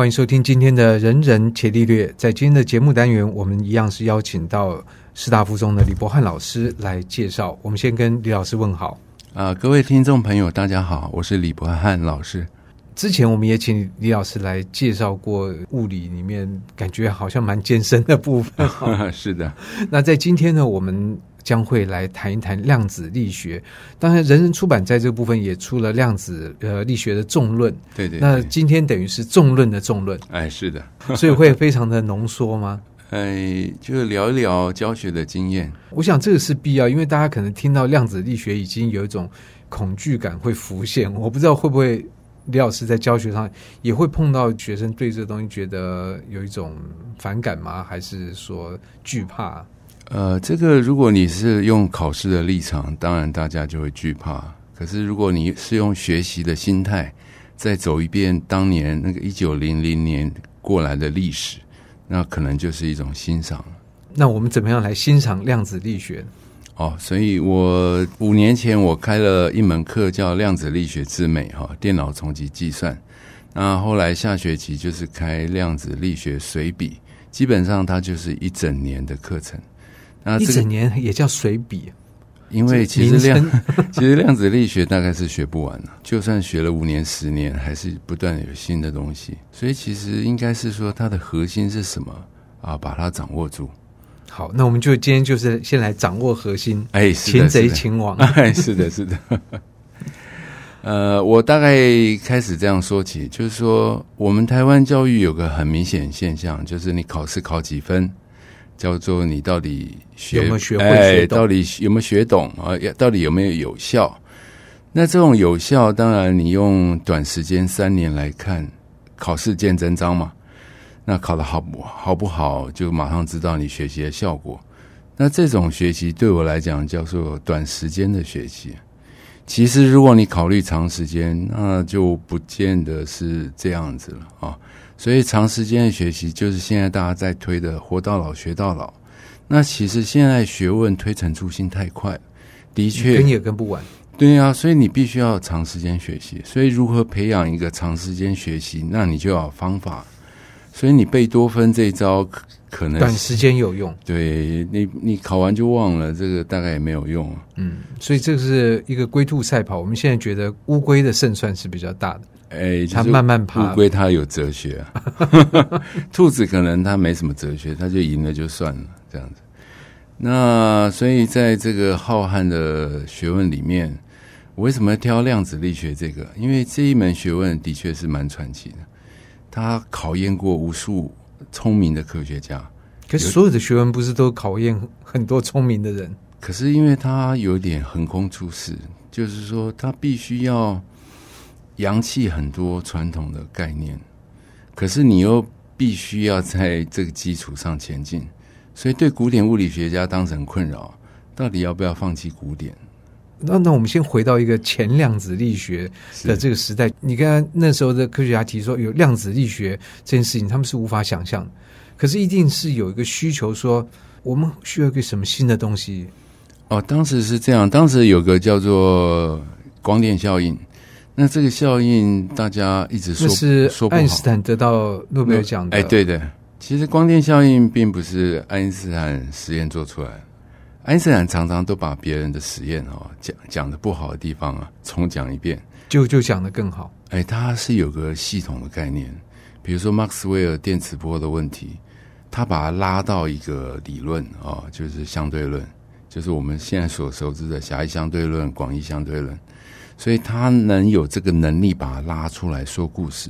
歡迎收聽今天的《人人伽利略》。在今天的節目單元，我們一樣是邀請到師大附中的李柏翰老師來介紹。我們先跟李老師問好。啊、呃，各位聽眾朋友，大家好，我是李柏翰老師。之前我們也請李老師來介紹過物理裡面感覺好像蠻艱深的部分、哦呵呵。是的，那在今天呢，我們。將會來談一談量子力學。當然，人人出版在這部分也出了量子呃力學的縱覽。對，對對，那今天等於是縱覽的縱覽。哎，是的， 所以會非常的濃縮嗎？哎，就聊一聊教學的經驗。我想這個是必要，因為大家可能聽到量子力學已經有一種恐懼感會浮現。我不知道會不會李老師在教學上也會碰到學生對這個東西覺得有一種反感嗎？還是說懼怕？嗯呃，這個如果你是用考試的立場，當然大家就會懼怕。可是如果你是用學習的心態，再走一遍當年那個一九零零年過來的歷史，那可能就是一種欣賞。那我們怎麼樣來欣賞量子力學？哦，所以我五年前我開了一門課叫《量子力學之美》哈、哦，電腦叢集計算。那後來下學期就是開《量子力學隨筆》，基本上它就是一整年的課程。一整年也叫水筆，因為其實量其實量子力學大概是學不完的，就算學了五年、十年，還是不斷有新的東西。所以其實應該是說，它的核心是什麼啊？把它掌握住、哎。好，那我們就今天就是先來掌握核心。哎，擒賊擒王。哎，是的，是的呵呵。呃，我大概開始這樣說起，就是說，我們台灣教育有個很明顯現象，就是你考試考幾分。叫做你到底學有沒有學會學懂、哎？到底有沒有學懂啊？到底有沒有有效？那這種有效，當然你用短時間三年來看，考試見真章嘛。那考得好不好不好，就馬上知道你學習的效果。那這種學習對我來講叫做短時間的學習。其實如果你考慮長時間，那就不見得是這樣子了啊。所以長時間的學習就是現在大家在推的“活到老學到老”。那其實現在學問推陳出新太快，的確跟也跟不完。對啊，所以你必須要長時間學習。所以如何培養一個長時間學習，那你就要方法。所以你背多分這一招可可能短時間有用，對，你，你考完就忘了，這個大概也沒有用啊。嗯，所以這是一個龜兔賽跑。我們現在覺得烏龜的勝算是比較大的。哎，就是、他慢慢爬。烏龜它有哲學、啊， 兔子可能它沒什麼哲學，它就贏了就算了這樣子。那所以在這個浩瀚的學問裡面，我為什麼要挑量子力學這個？因為這一門學問的確是蠻傳奇的，它考驗過無數聰明的科學家。可是所有的學問不是都考驗很多聰明的人？可是因為他有點橫空出世，就是說他必須要。揚棄很多傳統的概念，可是你又必須要在這個基礎上前進，所以對古典物理學家當成困擾，到底要不要放棄古典？那那我們先回到一個前量子力學的這個時代。你剛剛那時候的科學家提出有量子力學這件事情，他們是無法想象，可是一定是有一個需求說，說我們需要一個什麼新的東西？哦，當時是這樣，當時有個叫做光電效應。那這個效應，大家一直說，是說愛因斯坦得到諾貝爾獎的說不。哎，對的。其實光電效應並不是愛因斯坦實驗做出來，愛因斯坦常常都把別人的實驗哦，講講的不好的地方啊重講一遍，就就講得更好。哎，他是有個系統的概念，比如說麥克斯韋爾電磁波的問題，他把它拉到一個理論哦，就是相對論，就是我們現在所熟知的狹義相對論、廣義相對論。所以他能有這個能力把它拉出來說故事，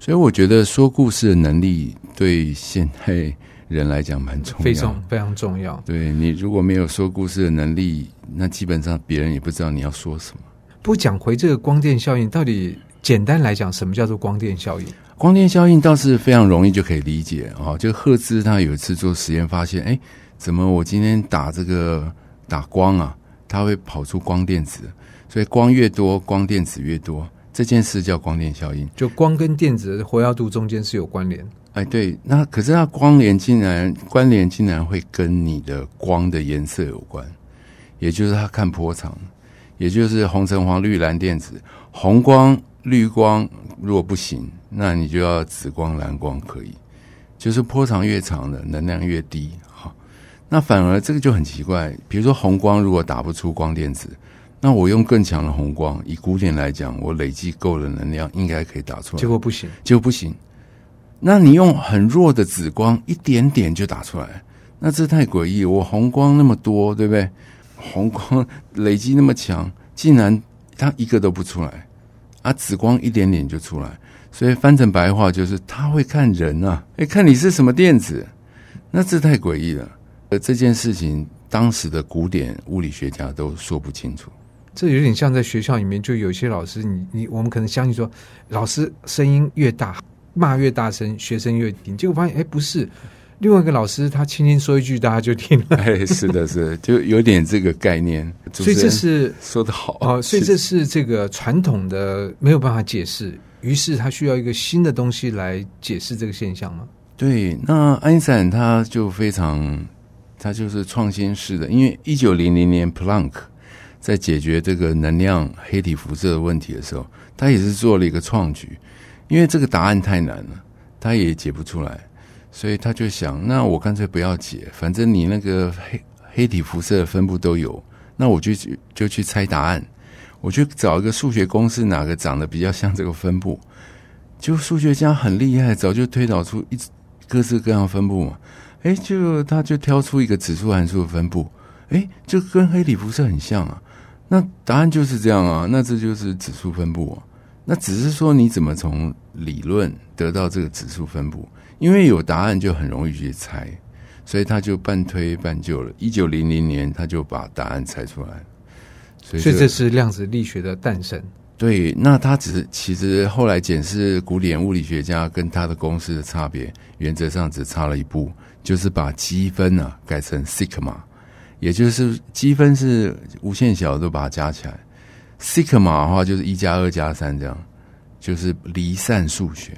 所以我覺得說故事的能力對現代人來講蠻重要，非常非常重要。對你如果沒有說故事的能力，那基本上別人也不知道你要說什麼。不講回這個光電效應，到底簡單來講，什麼叫做光電效應？光電效應倒是非常容易就可以理解啊。就赫茲他有一次做實驗，發現哎，怎麼我今天打這個打光啊，它會跑出光電子。所以光越多，光電子越多，這件事叫光電效應。就光跟電子的活躍度中間是有關聯。哎，對，那可是它光聯竟然關聯竟然會跟你的光的顏色有關，也就是它看波長，也就是紅橙黃綠藍靛紫，紅光、綠光如果不行，那你就要紫光、藍光可以，就是波長越長的能量越低。哈，那反而這個就很奇怪，比如說紅光如果打不出光電子。那我用更強的紅光，以古典來講，我累積夠的能量，應該可以打出來。結果不行，結果不行。那你用很弱的紫光，一點點就打出來，那這太詭異。我紅光那麼多，對不對？紅光累積那麼強，竟然它一個都不出來啊！紫光一點點就出來，所以翻成白話就是，它會看人啊，誒、欸，看你是什麼電子，那這太詭異了。呃，這件事情當時的古典物理學家都說不清楚。這有點像在學校裡面，就有些老師你、你你我們可能相信說，老師聲音越大，罵越大聲，學生越聽。結果發現，哎，不是，另外一個老師他輕輕說一句，大家就聽了。哎，是的是、是 就有點這個概念。所以這是說得好啊，所以這是這個傳統的沒有辦法解釋，於是他需要一個新的東西來解釋這個現象嗎？對，那愛因斯坦他就非常，他就是創新式的，因為一九零零年普朗克，在解決這個能量黑體輻射的問題的時候，他也是做了一個創舉，因為這個答案太難了，他也解不出來，所以他就想，那我乾脆不要解，反正你那個黑黑體輻射的分布都有，那我就就去猜答案，我去找一個數學公式，哪個長得比較像這個分布，就數學家很厲害，早就推導出一各式各樣的分布嘛，哎，就他就挑出一個指數函數的分布，哎，就跟黑體輻射很像啊。那答案就是這樣啊，那這就是指數分布啊。那只是說你怎麼從理論得到這個指數分布？因為有答案就很容易去猜，所以他就半推半就了。一九零零年他就把答案猜出來，所以就，所以這是量子力學的誕生。對，那他只是其實後來檢視古典物理學家跟他的公式的差別，原則上只差了一步，就是把積分啊改成 sigma。也就是積分是無限小，都把它加起來。西格瑪的話就是一加二加三這樣，就是離散數學。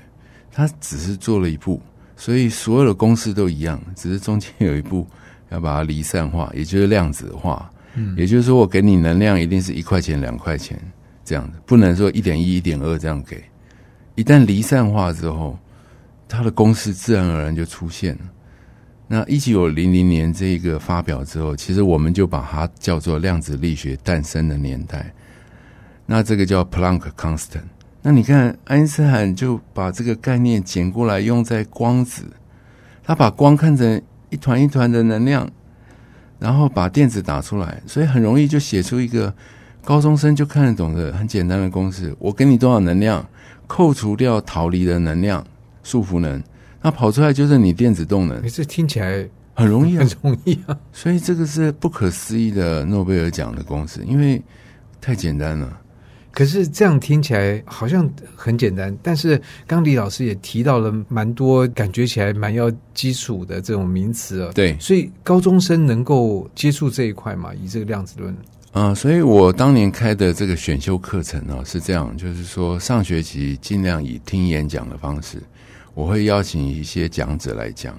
它只是做了一步，所以所有的公式都一樣，只是中間有一步要把它離散化，也就是量子化。也就是說，我給你能量一定是一塊錢、兩塊錢這樣子，不能說一點一、一點二這樣給。一旦離散化之後，它的公式自然而然就出現了。那一九零零年，這一個發表之後，其實我們就把它叫做量子力學誕生的年代。那這個叫 Planck constant。那你看愛因斯坦就把這個概念撿過來用在光子，他把光看成一團一團的能量，然後把電子打出來，所以很容易就寫出一個高中生就看得懂的很簡單的公式。我給你多少能量，扣除掉逃離的能量，束縛能。那跑出來就是你電子動能。欸，這聽起來很容易啊，很容易啊！所以這個是不可思議的諾貝爾獎的公式，因為太簡單了。可是這樣聽起來好像很簡單，但是剛李老師也提到了蠻多，感覺起來蠻要基礎的這種名詞啊。對，所以高中生能夠接觸這一塊嘛？以這個量子論。嗯，所以我當年開的這個選修課程啊，是這樣，就是說上學期儘量以聽演講的方式。我會邀請一些講者來講，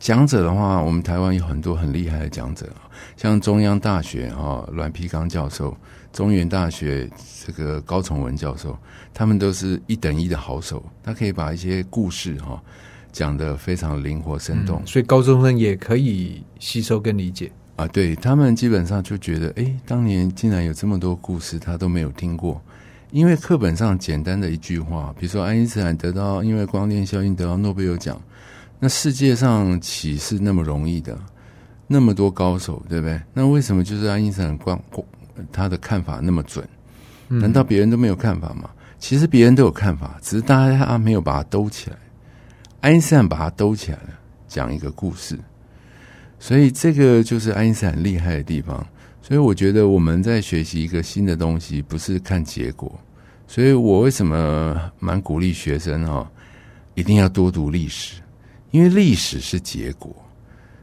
講者的話，我們台灣有很多很厲害的講者，像中央大學哈欒丕綱教授、中原大學這個高崇文教授，他們都是一等一的好手，他可以把一些故事哈講得非常靈活生動，嗯，所以高中生也可以吸收跟理解啊。對，他們基本上就覺得，哎，當年竟然有這麼多故事，他都沒有聽過。因為課本上簡單的一句話，比如說愛因斯坦得到因為光電效應得到諾貝爾獎，那世界上豈是那麼容易的？那麼多高手，對不對？那為什麼就是愛因斯坦光他的看法那麼準？難道別人都沒有看法嗎？嗯。其實別人都有看法，只是大家沒有把它兜起來。愛因斯坦把它兜起來了，講一個故事。所以這個就是愛因斯坦厲害的地方。所以我覺得我們在學習一個新的東西，不是看結果。所以我為什麼蠻鼓勵學生哈、哦，一定要多讀歷史，因為歷史是結果。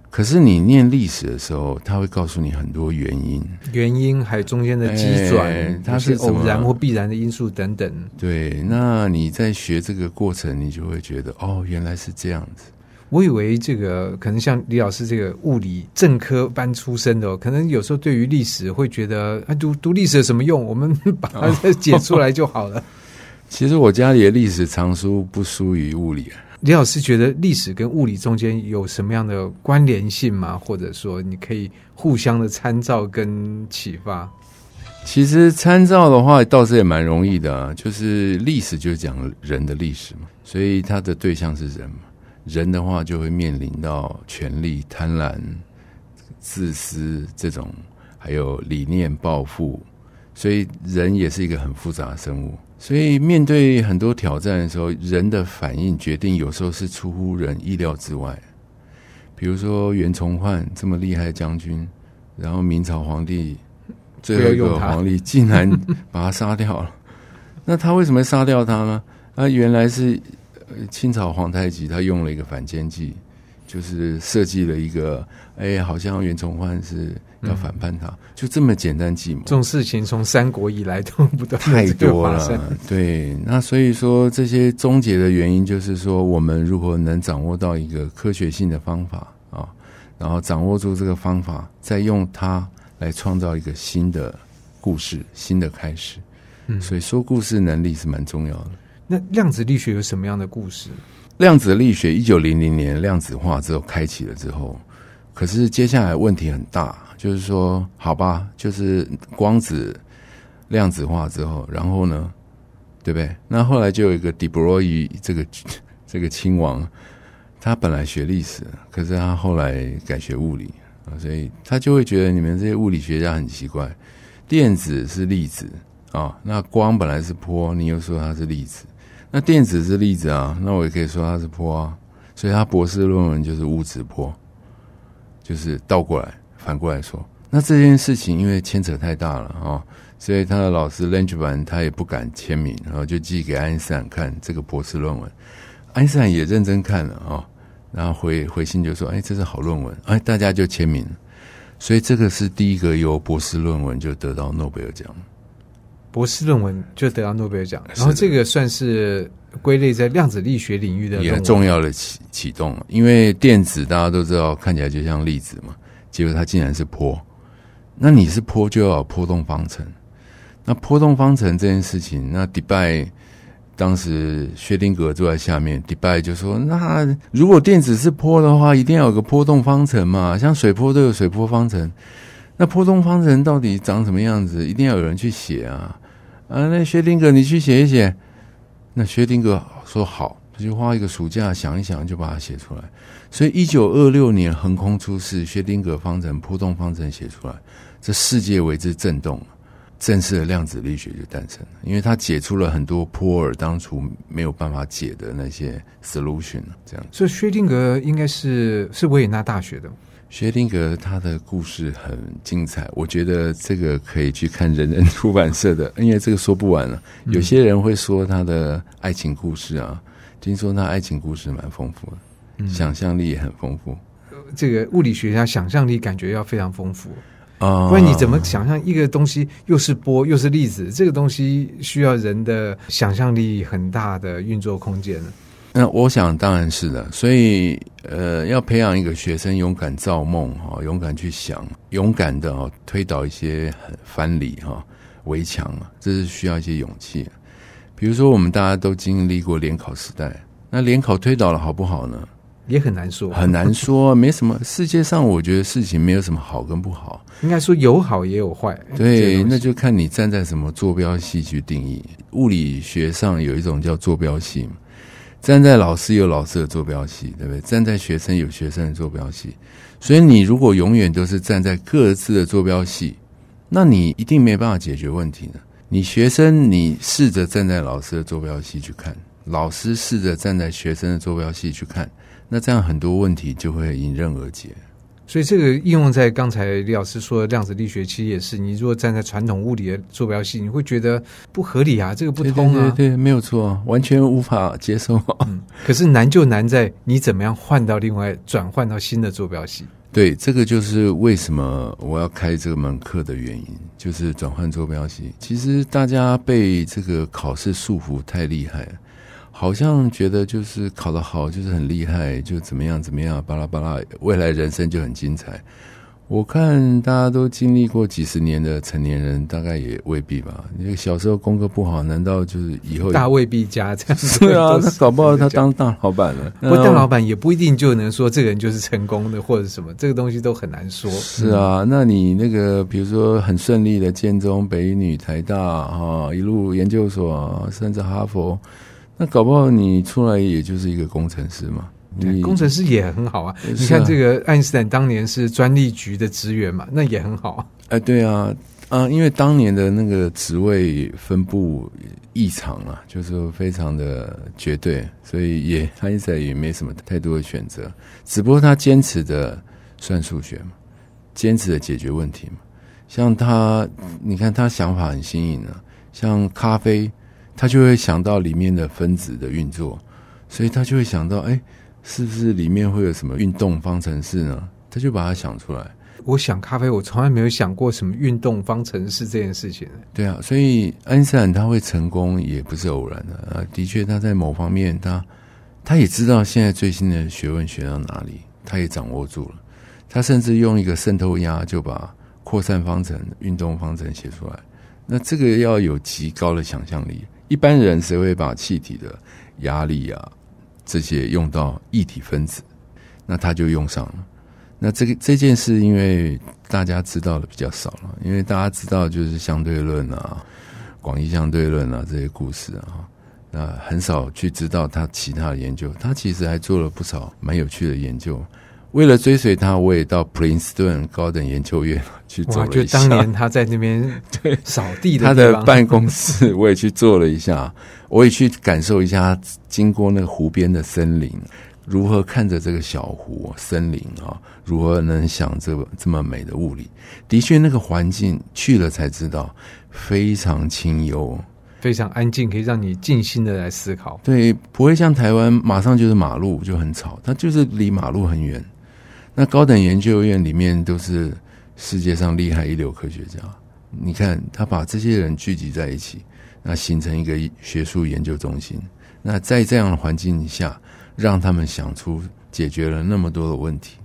可是你念歷史的時候，它會告訴你很多原因，原因還有中間的機轉、哎哎，它是偶然或必然的因素等等。對，那你在學這個過程，你就會覺得哦，原來是這樣子。我以為這個可能像李老師這個物理正科班出身的，可能有時候對於歷史會覺得啊，讀讀歷史有什麼用，我們把它解出來就好了。其實我家裡的歷史藏書不輸於物理啊。李老師覺得歷史跟物理中間有什麼樣的關聯性嗎？或者說你可以互相的參照跟啟發？其實參照的話，倒是也蠻容易的啊，就是歷史就是講人的歷史嘛，所以它的對象是人嘛。人的話就會面臨到權力、貪婪、自私這種，還有理念、抱負，所以人也是一個很複雜的生物。所以面對很多挑戰的時候，人的反應決定有時候是出乎人意料之外。比如說袁崇煥這麼厲害的將軍，然後明朝皇帝最後一個皇帝竟然把他殺掉了。 那他為什麼要殺掉他呢？啊，原來是。呃，清朝皇太極他用了一個反間計，就是設計了一個，哎，好像袁崇煥是要反叛他，嗯，就這麼簡單計謀。這種事情從三國以來都不斷，太多了。對，那所以說這些終結的原因，就是說我們如何能掌握到一個科學性的方法啊，然後掌握住這個方法，再用它來創造一個新的故事，新的開始。嗯，所以說故事能力是蠻重要的。嗯那量子力學有什麼樣的故事？量子力學一九零零年量子化之後開啟了之後，可是接下來問題很大，就是說，好吧，就是光子量子化之後，然後呢，對不對？那後來就有一個德布羅 y 這個這個親王，他本來學歷史，可是他後來改學物理，所以他就會覺得你們這些物理學家很奇怪，電子是粒子啊，哦，那光本來是波，你又說它是粒子。那電子是粒子啊，那我也可以說它是波啊，所以他博士論文就是物質波，就是倒過來，反過來說。那這件事情因為牽扯太大了啊、哦，所以他的老師 Langevin，他也不敢簽名，然、哦、後就寄給愛因斯坦看這個博士論文。愛因斯坦也認真看了啊、哦，然後回回信就說：“哎，這是好論文。”哎，大家就簽名。所以這個是第一個由博士論文就得到諾貝爾獎。博士論文就得到諾貝爾獎，然後這個算是歸類在量子力學領域的很重要的啟啟動。因為電子大家都知道看起來就像粒子嘛，結果它竟然是波。那你是波，就要有波動方程。那波動方程這件事情，那德拜當時薛定諤坐在下面，德拜就說：“那如果電子是波的話，一定要有個波動方程嘛？像水波都有水波方程，那波動方程到底長什麼樣子？一定要有人去寫啊！”啊，那薛丁格，你去寫一寫。那薛丁格說好，他就花一個暑假想一想，就把它寫出來。所以，一九二六年橫空出世，薛丁格方程、波動方程寫出來，這世界為之震動，正式的量子力學就誕生了，因為他解出了很多波耳當初沒有辦法解的那些 solution。這樣，所以薛丁格應該是是維也納大學的。薛定格，他的故事很精彩，我覺得這個可以去看人人出版社的。因為這個說不完了、啊。有些人會說他的愛情故事啊，嗯、聽說他的愛情故事蠻豐富的、嗯，想象力也很豐富。這個物理學家想象力感覺要非常豐富啊，不然、哦、你怎麼想象一個東西又是波又是粒子？這個東西需要人的想象力很大的運作空間呢。那我想當然是的，所以。呃，要培養一個學生勇敢造夢啊、哦，勇敢去想，勇敢地、哦、推倒一些很藩籬哈圍牆，這是需要一些勇氣。比如說，我們大家都經歷過聯考時代，那聯考推倒了好不好呢？也很難說，很難說， 沒什麼。世界上我覺得事情沒有什麼好跟不好，應該說有好也有壞。對，那就看你站在什麼坐標系去定義。物理學上有一種叫坐標系。站在老師有老師的坐標系，對不對？站在學生有學生的坐標系，所以你如果永遠都是站在各自的坐標系，那你一定沒辦法解決問題的。你學生，你試着站在老師的坐標系去看；老師試着站在學生的坐標系去看，那這樣很多問題就會迎刃而解。所以這個應用在剛才李老師說的量子力學，其實也是，你如果站在傳統物理的坐標系，你會覺得不合理啊，這個不通啊。對，對，對，對，沒有錯，完全無法接受。嗯，可是難就難在你怎麼樣換到另外，轉換到新的坐標系。 對，這個就是為什麼我要開這門課的原因，就是轉換坐標系。其實大家被這個考試束縛太厲害了。好像覺得就是考得好，就是很厲害，就怎麼樣怎麼樣，巴拉巴拉，未來人生就很精彩。我看大家都經歷過幾十年的成年人，大概也未必吧。你小時候功課不好，難道就是以後大未必家這樣？對啊，那搞不好他當大老板了。不過，大老板也不一定就能說這個人就是成功的，或者什麼，這個東西都很難說。是啊，那你那個比如說很順利的建中、北女、台大啊，一路研究所，甚至哈佛。那搞不好你出來也就是一個工程師嘛。對，工程師也很好啊，啊。你看這個愛因斯坦當年是專利局的職員嘛，那也很好。啊，哎，對啊，啊，因為當年的那個職位分布異常啊，就是非常的絕對，所以也愛因斯坦也沒什麼太多的選擇。只不過他堅持的算數學嘛，堅持的解決問題嘛。像他，你看他想法很新穎啊，像咖啡。他就會想到裡面的分子的運作，所以他就會想到，哎、欸，是不是裡面會有什麼運動方程式呢？他就把它想出來。我想咖啡，我從來沒有想過什麼運動方程式這件事情。對啊，所以愛因斯坦他會成功也不是偶然的。啊、的確，他在某方面他、他他也知道現在最新的學問學到哪裡，他也掌握住了。他甚至用一個滲透壓就把擴散方程、運動方程寫出來。那這個要有極高的想象力。一般人誰會把氣體的壓力啊這些用到液體分子？那他就用上了。那這個這件事，因為大家知道的比較少了，因為大家知道就是相對論啊、廣義相對論啊這些故事啊，那很少去知道他其他的研究。他其實還做了不少蠻有趣的研究。為了追隨他，我也到普林斯頓高等研究院去走了一下。當年他在那邊對掃地，他的辦公室我也去坐了一下，我也去感受一下。經過那個湖邊的森林，如何看着這個小湖森林啊？如何能想這這麼美的物理？的確，那個環境去了才知道，非常清幽，非常安靜，可以讓你靜心的來思考。對，不會像台灣，馬上就是馬路就很吵，它就是離馬路很遠。那高等研究院裡面都是世界上厲害一流科學家，你看他把這些人聚集在一起，那形成一個學術研究中心。那在這樣的環境下，讓他們想出解決了那麼多的問題，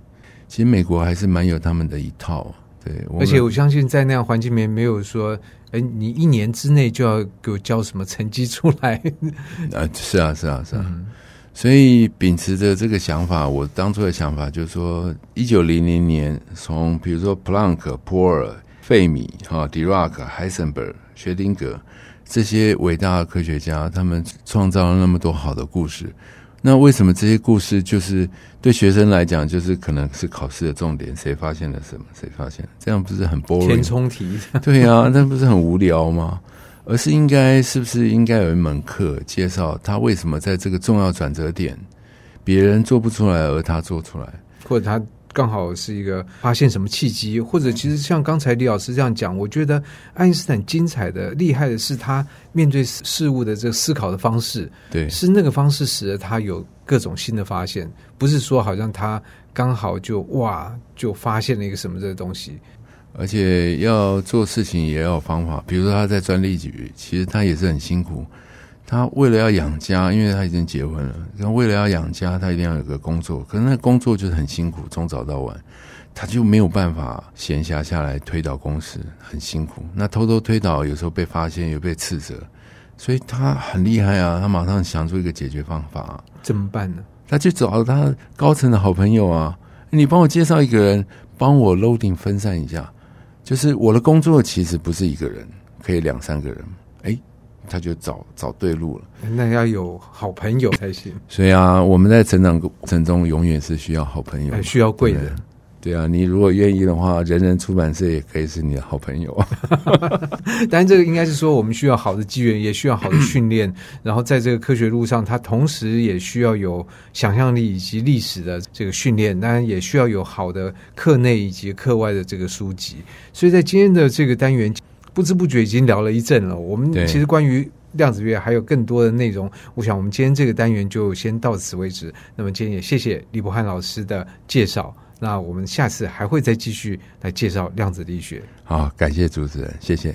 其實美國還是蠻有他們的一套。對，而且我相信在那樣環境裡面，沒有說，哎，你一年之內就要給我交什麼成績出來。 啊，是啊，是啊，是啊。嗯所以秉持着這個想法，我當初的想法就是說，一九零零年，從比如說 Planck, 普朗、哦、克、波爾、費米、狄拉克、海森堡、薛丁格這些偉大的科學家，他們創造了那麼多好的故事。那為什麼這些故事就是對學生來講就是可能是考試的重點？誰發現了什麼？誰發現了？這樣不是很 boring？填充題？對啊，那不是很無聊嗎？而是應該是不是應該有一門課介紹他為什麼在這個重要轉折點別人做不出來而他做出來，或者他剛好是一個發現什麼契機，或者其實像剛才李老師這樣講，我覺得愛因斯坦精彩的厲害的是他面對事物的這個思考的方式，對，是那個方式使得他有各種新的發現，不是說好像他剛好就哇就發現了一個什麼這個東西。而且要做事情也要有方法，比如說他在專利局，其實他也是很辛苦。他為了要養家，因為他已經結婚了，然後為了要養家，他一定要有個工作。可是那工作就是很辛苦，從早到晚，他就沒有辦法閒暇下，下來推導公式，很辛苦。那偷偷推導有時候被發現，有被斥責，所以他很厲害啊！他馬上想出一個解決方法，怎麼辦呢？他去找他高層的好朋友啊，你幫我介紹一個人，幫我 loading 分散一下。就是我的工作其實不是一個人，可以兩三個人，哎、欸，他就找找對路了。那要有好朋友才行。 所以啊，我們在成長過程中，永遠是需要好朋友，需要貴人。對啊，你如果願意的話，人人出版社也可以是你的好朋友。 當然，這個應該是說，我們需要好的機緣，也需要好的訓練。 然後在這個科學路上，它同時也需要有想象力，以及歷史的這個訓練。當然，也需要有好的課內以及課外的這個書籍。所以在今天的這個單元，不知不覺已經聊了一陣了。我們其實關於量子樂還有更多的內容。我想，我們今天這個單元就先到此為止。那麼今天也謝謝李柏翰老師的介紹。那我們下次還會再繼續來介紹量子力學。好，感謝主持人，謝謝。